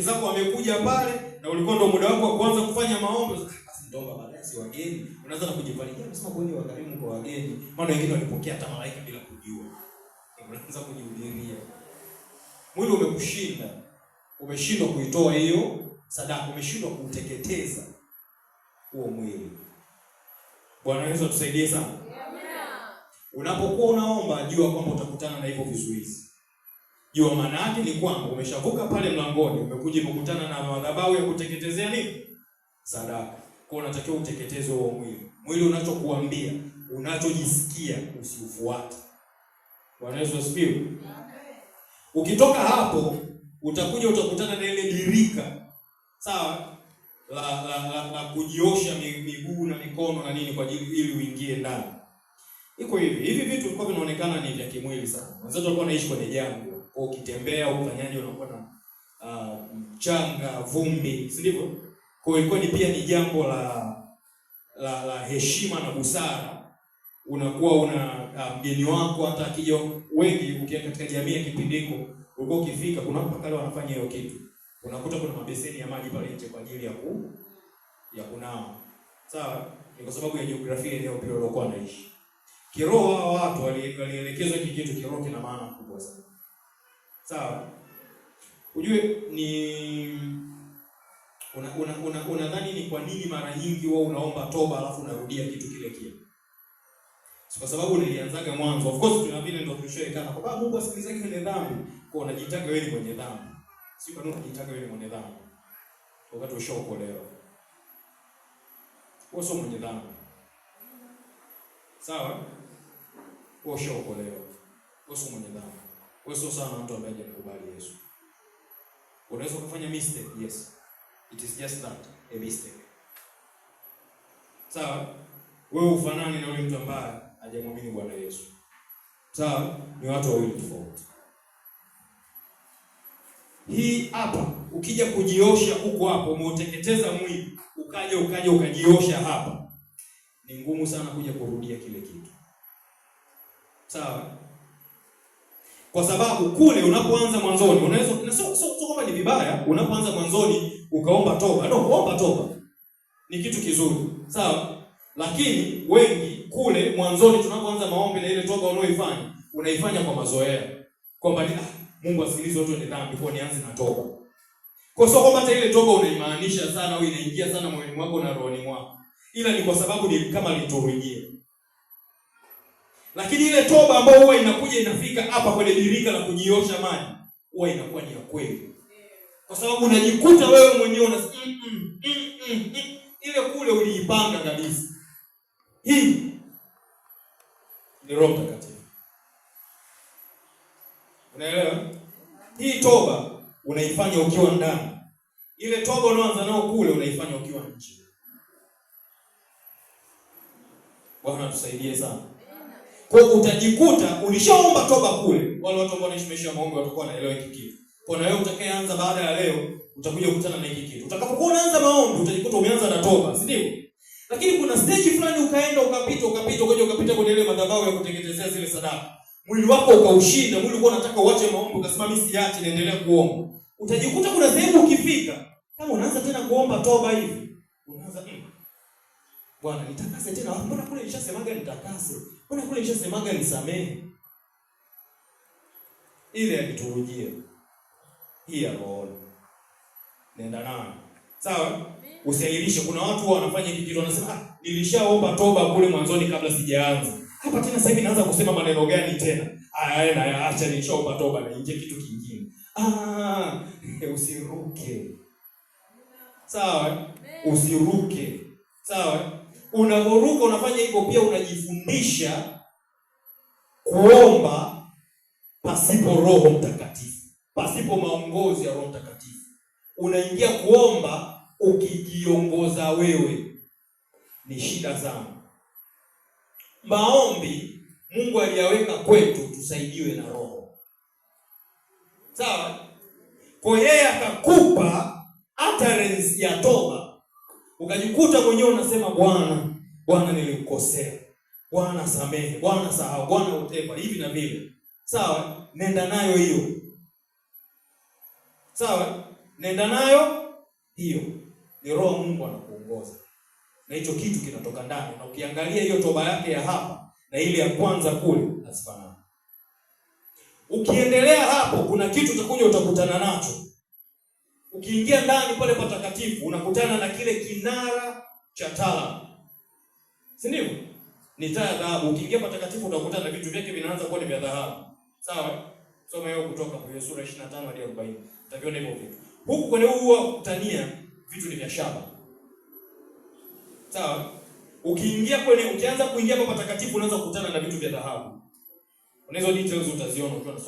rafiki zako wamekuja pale na ulikuwa ndio muda wako wa kwanza kufanya maombi, basi ndoa baadaye si wageni. unaanza na kujifariji unasema kwani wakarimu kwa wageni, maana wengine walipokea hata malaika bila kujua. Eh, unaanza kujihudhuria, mwili umekushinda, umeshindwa kuitoa hiyo sadaka, umeshindwa kuuteketeza huo mwili. Bwana Yesu atusaidie sana. Unapokuwa unaomba, jua kwamba utakutana na hivyo vizuizi Jua maana yake ni kwamba umeshavuka pale mlangoni, umekuja kukutana na madhabahu ya kuteketezea nini? Sadaka. Kwa hiyo unatakiwa uteketezwe wa mwili. Mwili unachokuambia, unachojisikia usiufuate. Bwana Yesu asifiwe. Ukitoka hapo utakuja utakutana na ile dirika sawa, la la, la, la kujiosha miguu na mikono na nini kwa ajili ili uingie ndani. Iko hivi hivi, vitu vilikuwa vinaonekana ni vya kimwili sana, wenzetu walikuwa wanaishi kwenye jangwa kwa ukitembea ufanyaji unakuwa na uh, mchanga, vumbi, si ndivyo? Kwa hiyo ni pia ni jambo la la, la heshima na busara unakuwa una ah, mgeni um, wako hata akija. Wengi ukienda katika jamii ya kipindiko ulikuwa ukifika, kuna watu pale wanafanya hiyo kitu, unakuta kuna mabeseni ya maji pale nje kwa ajili ya ku ya kunao Sawa, ni kwa sababu ya jiografia ile pia waliokuwa wanaishi. Kiroho hawa watu walielekezwa kitu, kiroho kina maana kubwa sana sawa. Ujue ni unadhani una, una, una ni kwa nini mara nyingi wewe unaomba toba alafu unarudia kitu kile kile? So, kwa sababu nilianzaga mwanzo, of course tuna vile ndio tulishoekana kwa sababu Mungu asikilizaki kwenye dhambi, kwa unajitaka wewe ni mwenye dhambi, si kwa nini unajitaka wewe ni mwenye dhambi wakati ushaokolewa? Wewe sio mwenye dhambi, sawa? Wewe ushaokolewa, wewe sio mwenye dhambi. Wewe sio sawa na mtu ambaye hajakubali Yesu. Unaweza kufanya mistake, yes. It is just that a mistake. Sawa? Wewe ufanani na yule mtu ambaye hajamwamini Bwana Yesu. Sawa? Ni watu wawili tofauti. Hii hapa ukija kujiosha huko hapo umeuteketeza mwili, ukaja ukaja ukajiosha hapa. Ni ngumu sana kuja kurudia kile kitu. Sawa? kwa sababu kule unapoanza mwanzoni unaweza na sio so, so kwamba ni vibaya, unapoanza mwanzoni ukaomba toba. No, kuomba toba ni kitu kizuri, sawa. Lakini wengi kule mwanzoni tunapoanza maombi na ile toba unaoifanya unaifanya kwa mazoea, kwamba ni ah, Mungu asikilize watu wenye dhambi, kwa nianze na toba. Kwa sababu kwamba hata ile toba unaimaanisha sana au inaingia sana moyoni mwako na rohoni mwako, ila ni kwa sababu ni kama liturujia lakini ile toba ambayo huwa inakuja inafika hapa kwenye birika la kujiosha maji huwa inakuwa ni ya kweli, kwa sababu unajikuta wewe mwenyewe una mm, mm -mm, mm -mm, ile kule uliipanga kabisa. Hii ni Roho Mtakatifu, unaelewa? Hii toba unaifanya ukiwa ndani, ile toba unaanza nao kule unaifanya ukiwa nje. Bwana tusaidie sana. Kwa utajikuta ulishaomba toba kule, wale watu ambao wanaishi maisha ya maombi watakuwa wanaelewa hiki kitu. Kwa na wewe utakayeanza baada ya leo utakuja kukutana na hiki kitu. Utakapokuwa unaanza maombi utajikuta umeanza na toba, si ndio? Lakini kuna stage fulani ukaenda ukapita ukapita ukaja ukapita kwenye ile madhabahu ya kutengenezea zile sadaka. Mwili wako ukaushinda, mwili ulikuwa unataka uache maombi ukasema mimi siachi naendelea kuomba. Utajikuta kuna sehemu ukifika kama unaanza tena kuomba toba hivi. Unaanza Bwana nitakase tena. Mbona kule nilishasemaga nitakase? Mbona kule nilishasemaga nisamehe? Ile ya liturujia hii ya rohoni, nenda nayo sawa, usiahirishe. Kuna watu wanafanya hiki kitu, wanasema ah, nilishaomba toba kule mwanzoni kabla sijaanza hapa tena. Sasa hivi naanza kusema maneno gani tena? Aya, na acha, nilishaomba toba na inje kitu kingine. Ah, usiruke sawa, usiruke sawa Unavoruka unafanya hivyo pia unajifundisha kuomba pasipo Roho Mtakatifu, pasipo maongozi ya Roho Mtakatifu. Unaingia kuomba ukijiongoza wewe, ni shida zangu. Maombi Mungu aliyaweka kwetu tusaidiwe na Roho, sawa? Kwa yeye akakupa utterance ya toba ukajikuta mwenyewe unasema Bwana, Bwana nilikukosea, Bwana samehe, Bwana sahau, Bwana utepa hivi na vile. Sawa, nenda nayo hiyo. Sawa, nenda nayo hiyo. Ni Roho Mungu anakuongoza na hicho kitu kinatoka ndani, na ukiangalia hiyo toba yake ya hapa na ile ya kwanza kule hazifanani. Ukiendelea hapo, kuna kitu utakuja utakutana nacho ukiingia ndani pale patakatifu unakutana na kile kinara cha taa, si ndio Ni taa ya dhahabu. Ukiingia patakatifu utakutana na vitu vyake vinaanza kuwa ni vya dhahabu, sawa? Soma hiyo Kutoka kwenye sura 25 hadi 40, utaviona hivyo vitu. Huku kwenye huu wa kutania vitu ni vya shaba, sawa? Ukiingia kwenye, ukianza kuingia kwa patakatifu unaanza kukutana na vitu vya dhahabu. Unaweza details utaziona ukiwa